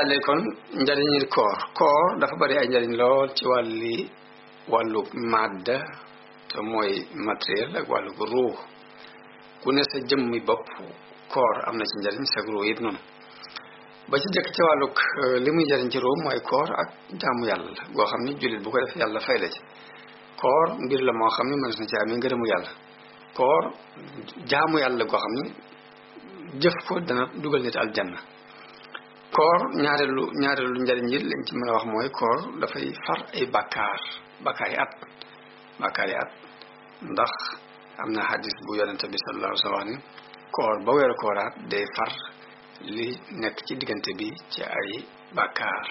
ale kon njariñil koor koor dafa bari ay njariñ lool ci wàlli wàllu màdda te mooy matériel ak wàllu ruux ku ne sa jëmmi bopp koor am na ci njariñ sa ruux it noonu ba ci jëkk ci wàlluk euh, li muy njariñ ci ruux mooy koor ak jaamu yàlla la goo xam ne jullit bu ko def yàlla fay la ci la moo xam ni mënees na ci amee ngërëmu yàlla koor jaamu yàlla goo xam ni jëf ko dana dugal nit aljanna koor ñaareelu ñaareelu njariñ yi lañ ci mën a wax mooy koor dafay far ay bakkaar bakkaar yi at bakkaar yi at ndax am na hadis bu yonente bi sallallahu alayhi wa sallam ba weeru kooraat day far li nekk ci diggante bi ci ay bakkaar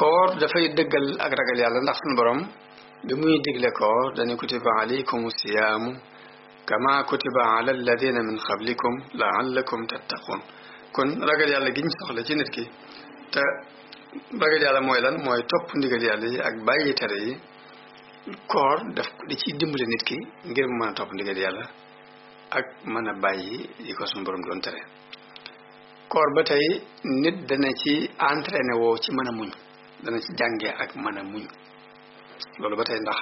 koor dafay dëggal ak ragal yàlla ndax suñu borom bi muy digle koor dañu kutiba alaykum siyaamu kama la ala alladina min la laallakum tattaqun kon ragal yàlla gi ñu soxla ci nit ki te ragal yàlla mooy lan mooy topp ndigal yàlla yi ak bàyyi tere yi koor daf di ci dimbale nit ki ngir mu mën a topp ndigal yàlla ak man a bàyyi yi ko suñu doon tere koor ba tey nit dana ci entraîné woo ci mën a muñ dana ci jàngee ak mën a muñ loolu ba tey ndax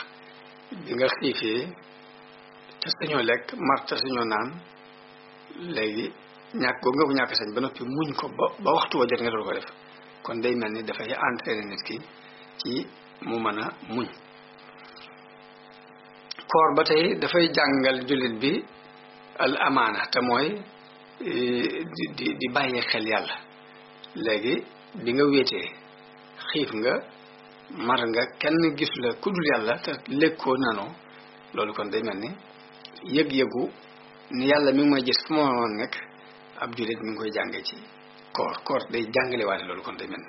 bi nga xiifee te sañoo lekk mar te sañoo naan léegi ñàkk googu nga ko ñàkk sañ ba noppi muñ ko ba waxtu wa jot nga doon ko def kon day mel ni dafay entraîner nit ki ci mu mën a muñ koor ba tey dafay jàngal jullit bi al amaana te mooy e, di di di xel yàlla léegi bi nga wéetee xiif nga mar nga kenn gisu ku dul yàlla te lékkoo nanoo loolu kon day mel ni yëg-yëgu ni yàlla mi ngi may gis fu ma woon nekk ab jullit mi ngi koy jànge ci koor koor day jàngalewaate loolu kon day mel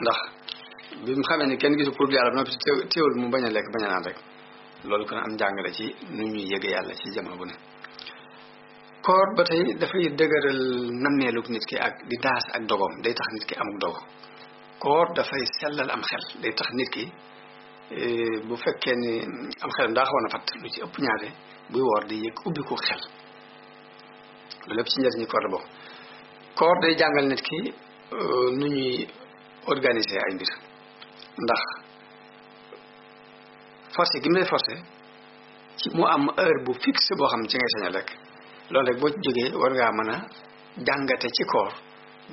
ndax bi mu xamee ni kenn gisu pour yàlla ba noppi teewul mu bañ a lekk bañ a naan rek loolu kon am jàngale ci nu ñuy yëge yàlla ci jamono bu ne koor ba tey dafay dëgëral nammeelug nit ki ak di daas ak dogom day tax nit ki amuk dogo koor dafay sellal am xel day tax nit ki Eh, bu fekkee ni am xelam daa xawoon a fatt lu ci ëpp ñaare buy woor di yëg ubbi ko xel loolu yëpp ci njëriñu koor la bokk koor day jàngal nit ki euh, nu ñuy organiser ay mbir ndax forcé gi mu lay ci mu am heure bu fixe boo xam ci ngay sañ a lekk loolu rek boo ci jógee war ngaa mën a jàngate ci koor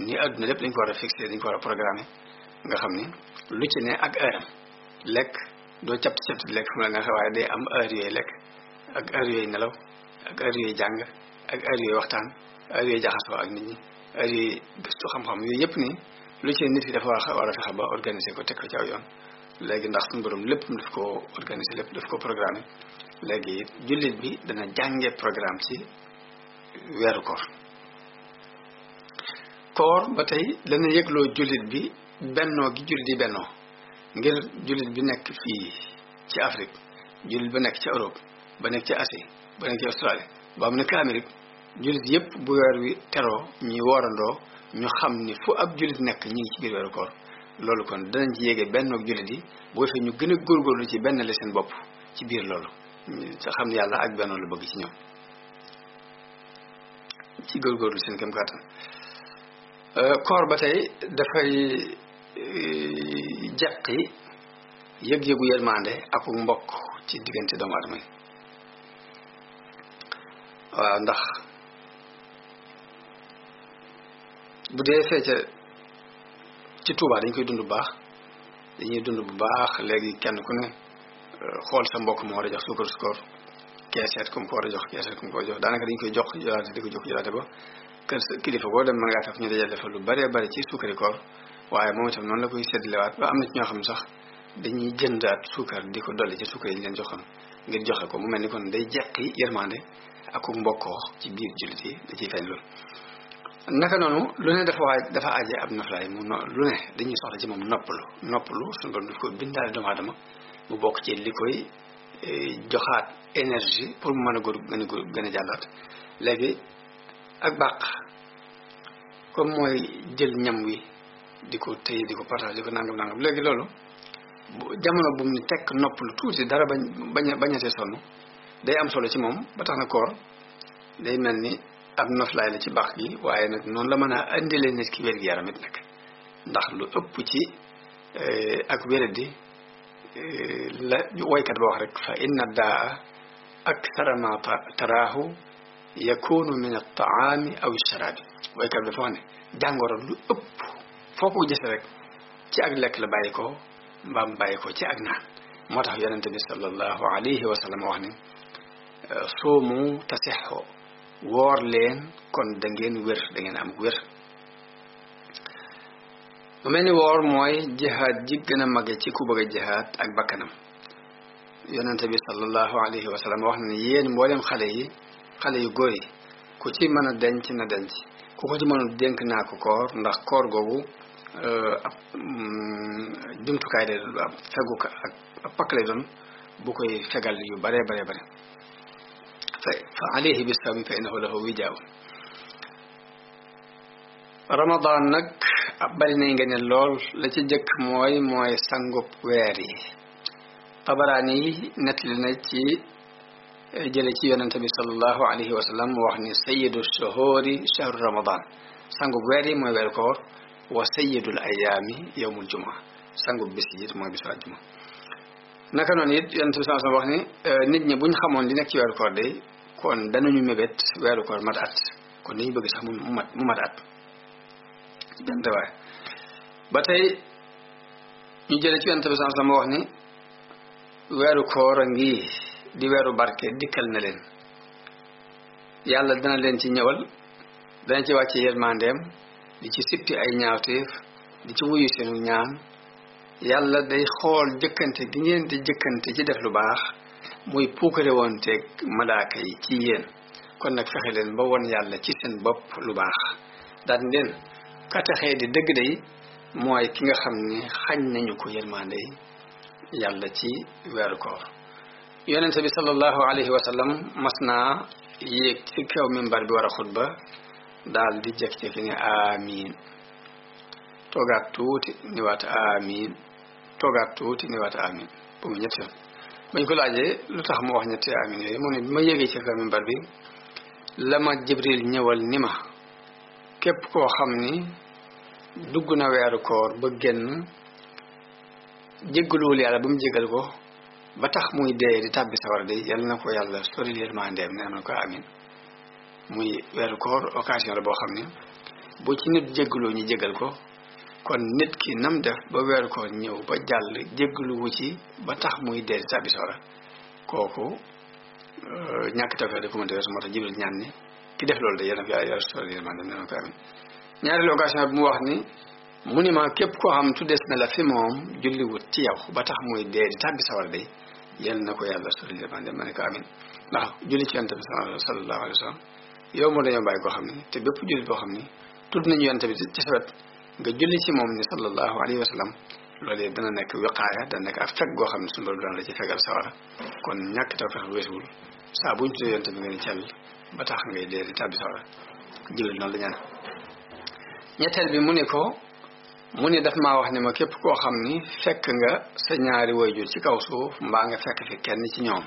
ni àdduna lépp dañ ko war a fixé dañ ko a programme nga xam ni lu ci ne ak heure lekk doo cap capti lekk fu mu la neexee waaye day am heure yooyu lekk ak heure yooyu nelaw ak heure yooyu jàng ak heure yooyu waxtaan heure yooyu jaxasoo ak nit ñi heure yooyu gëstu xam-xam yooyu yëpp nii lu ci nit ki dafa war a fexe ba organiser ko teg ko ci aw léegi ndax suñu borom lépp daf ko organiser lépp daf ko programme léegi jullit bi dana jànge programme ci weeru koor koor ba tey dana yëgloo jullit bi bennoo gi jullit yi bennoo ngir jullit bi nekk fii ci Afrique jullit ba nekk ci Europe ba nekk ci Asie ba nekk ci Australie ba am nekk Amérique jullit yépp bu weer wi teroo ñuy woorandoo ñu xam ni fu ab jullit nekk ñu ngi ci biir weeru koor loolu kon danañ ci yéege benn ak jullit yi boo fee ñu gën a góorgóorlu ci benn la seen bopp ci biir loolu sa xam ne yàlla ak benn lu bëgg ci ñoom ci góorgóorlu seen kem kàttan koor ba tey dafay Eh, jaqi yëg-yëgu yërmande ak mbokk ci diggante doomu adama yi waaw ndax bu dee feeca ci Tuubaa dañ koy dund bu baax dañuy dund bu baax léegi kenn ku ne eh, xool sa mbokk moo war a jox suukar sukoor keeseet comme ko war a jox keeseet comme ko war a jox daanaka dañ koy jox jolaate di ko jox jolaate ba kër kilifa boo dem mën ngaa tax ñu dajale defal lu bëree bëri ci suukari koor waaye moom itam noonu la koy séddalewaat ba am na ci ñoo xam sax dañuy jëndaat suukar di ko dolli ci suukar yi ñu leen joxoon ngir joxe ko mu mel ni kon day jeqi yërmande ak mbokkoo ci biir jullit yi da ciy feeñ loolu. naka noonu lu ne dafa waaj dafa aaje ab noflaay mu dañuy soxla ci moom noppalu noppalu suñu borom daf ko bindaale doomu aadama mu bokk ci li koy e, joxaat énergie pour mu mën a góor gën a gën a jàllaat léegi ak comme mooy jël ñam wi. di ko téye di ko partage di ko nangam nangam léegi loolu jamono bu tekk nopp lu tuuti dara bañ bañ bañ a sonn day am solo ci moom ba tax na koor day mel ni ab noflaay la ci baax gi waaye nag noonu la mën a indilee nekk ki wér gi yaram nag ndax lu ëpp ci eh, ak wéradi eh, la woykat ba wax rek fa inna daa akthara ma taraahu yakunu min at-taami aw ash-sharaabi woykat bi dafa wax ne jàngoro lu ëpp foo ko gis rek ci ak lekk la bàyyi ko mbaam bàyyi ko ci ak naan moo tax yonente bi sallallahu alayhi wa sallam wax ne euh, mu tasixoo woor leen kon da ngeen wér da ngeen am wér mu mel ni woor mooy jihaad ji gën a mage ci ku bëgg a ak bakkanam yonente bi sallallahu alayhi wa sallam wax ne yéen mboolem xale yi xale yu góor yi ku ci mën a denc na denc ku ko ci mënul dénk naa ko koor ndax koor googu euh, ab mm, jumtukaay de ab fegu ko ak ab pakk lay doon bu koy fegal yu bare bare bare fa fa alayhi bi sawmi fa innahu lahu wijaaw ramadan nag bari nañ nga ne lool la ci jëkk mooy mooy sangub weer yi tabaraani yi nettali na ci jële ci yonente bi sallallahu alayhi wa sallam mu wax ni sayidu shuhuri shahru ramadan sangub weer yi mooy weer koor wa sayidul ayaami yowmul juma sangub bis yi it mooy bisu àjjuma naka noonu it yonente bi sallallahu nit ñi buñ xamoon li nekk ci weeru koor day kon danañu mébét weeru koor mat at kon dañu bëgg sax mu mat mu mat at benn ba tey ñu jële ci yonente bi sallallahu wax weeru koor a ngi di weeru barke dikkal na leen yàlla dana leen ci ñëwal dana ci wàcce yërmandeem di ci sitti ay ñaawteef di ci wuyu seenu ñaan yàlla day xool jëkkante gi ngeen di jëkkante ci def lu baax muy puukare woon teeg malaaka yi ci yéen kon nag fexe leen ba won yàlla ci seen bopp lu baax daan leen kataxee di dëgg day mooy ki nga xam ni xañ nañu ko yërmande yàlla ci weeru koor yonente bi sallallahu alayhi wa sallam mas naa yéeg ci kaw mimbar bi war a xutba daal di jekk-jekki ne amiin toogaat tuuti ni waat amiin toogaat tuuti ni waat amiin bu mu ñetti yoon bañ ko laajee lu tax mu wax ñetti amiin yooyu mu ne bi ma yéegee ci kaw mimbar bi la ma jibril ñëwal ni ma képp koo xam ni dugg na weeru koor ba génn jéggaluwul yàlla ba mu jégal ko ba tax muy dee di tàbbi sawara de yal na ko yàlla sori yërmandeem ne am na ko amin muy weeru koor occasion la boo xam ne bu ci nit jéggaloo ñu jégal ko kon nit ki nam def ba weeru koor ñëw ba jàll jéggaluwu ci ba tax muy dee di tàbbi sawar kooku euh, ñàkk tawfeex de moo tax jibril ñaan def loolu de yal na ko yàlla sori yërmandeem ne bi mu wax ni mu ni képp koo xam tu des na la fi moom ci yow ba tax muy dee di tàbbi sawar de yal na ko yàlla sori yërmande ma ne ko amin ndax julli ci yonent bi sallallahu alayhi wa koo xam ne te bépp jullit boo xam ne tudd ci julli ci moom ni sallallahu alayhi wa sallam loolee dana nekk wiqaaya dana nekk goo xam ne suñu borom dana la ci fegal sawara kon ñàkk taw fex weesuwul saa buñ tuddee yonent bi nga ne cell ba tax ngay dee di tàbbi sawara jullit noonu la ñaan ñetteel bi mu ne ko mu ni daf maa wax ni ma képp koo xam ni fekk nga sa ñaari way jur ci kaw suuf mbaa nga fekk fi kenn ci ñoom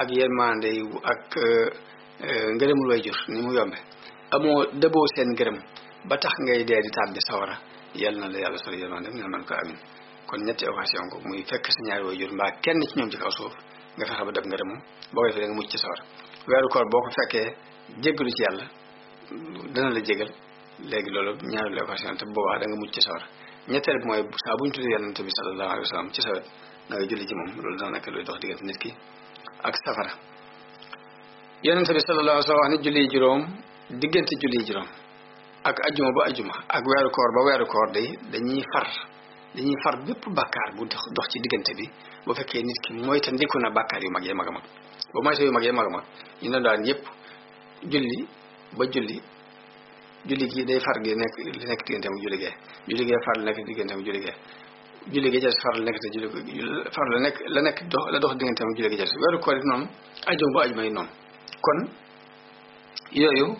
ak yërmande ak euh, euh, ngërëmul wayjur ni mu yombe amoo dëboo seen ngërëm ba tax ngay dee di tàbbi sawara yal na la yàlla sori yërmande mu ne man ko amin kon ñetti occasion ko muy fekk sa ñaari jur mbaa kenn ci ñoom ci kaw suuf nga fexe ba dab ngërëmu boo ko defee da nga mucc ci sawara weeru koor boo ko fekkee jéggalu ci yàlla dana la jégal léegi loolu ñaari occasion te boobaa da nga mucc ci sawar ñetteel bi mooy saa bu ñu tuddee yonent bi sallallahu alayhi wa sallam sa wet moom loolu dana nekk luy ak safara yonent bi sallallahu alayhi wa sallam wax ne julli juróom diggante julli juróom ak ajuma ba ajuma ak weeru koor ba weeru koor day dañuy far dañuy far bépp bàkkaar bu dox ci diggante bi bu fekkee nit ki moytandiku na bàkkaar yu mag yee mag a mag ba moyta yu mag yee mag a mag ñu ne daan yëpp julli ba julli julli gi day far gi nekk li nekk digganteem julli gee julli gee far li nekk digganteem julli gee julli gi jas far la nekk te far la nekk la nekk dox la dox digganteem julli gi jas weeru koor it noonu ajuma bu ajuma yi noonu kon yooyu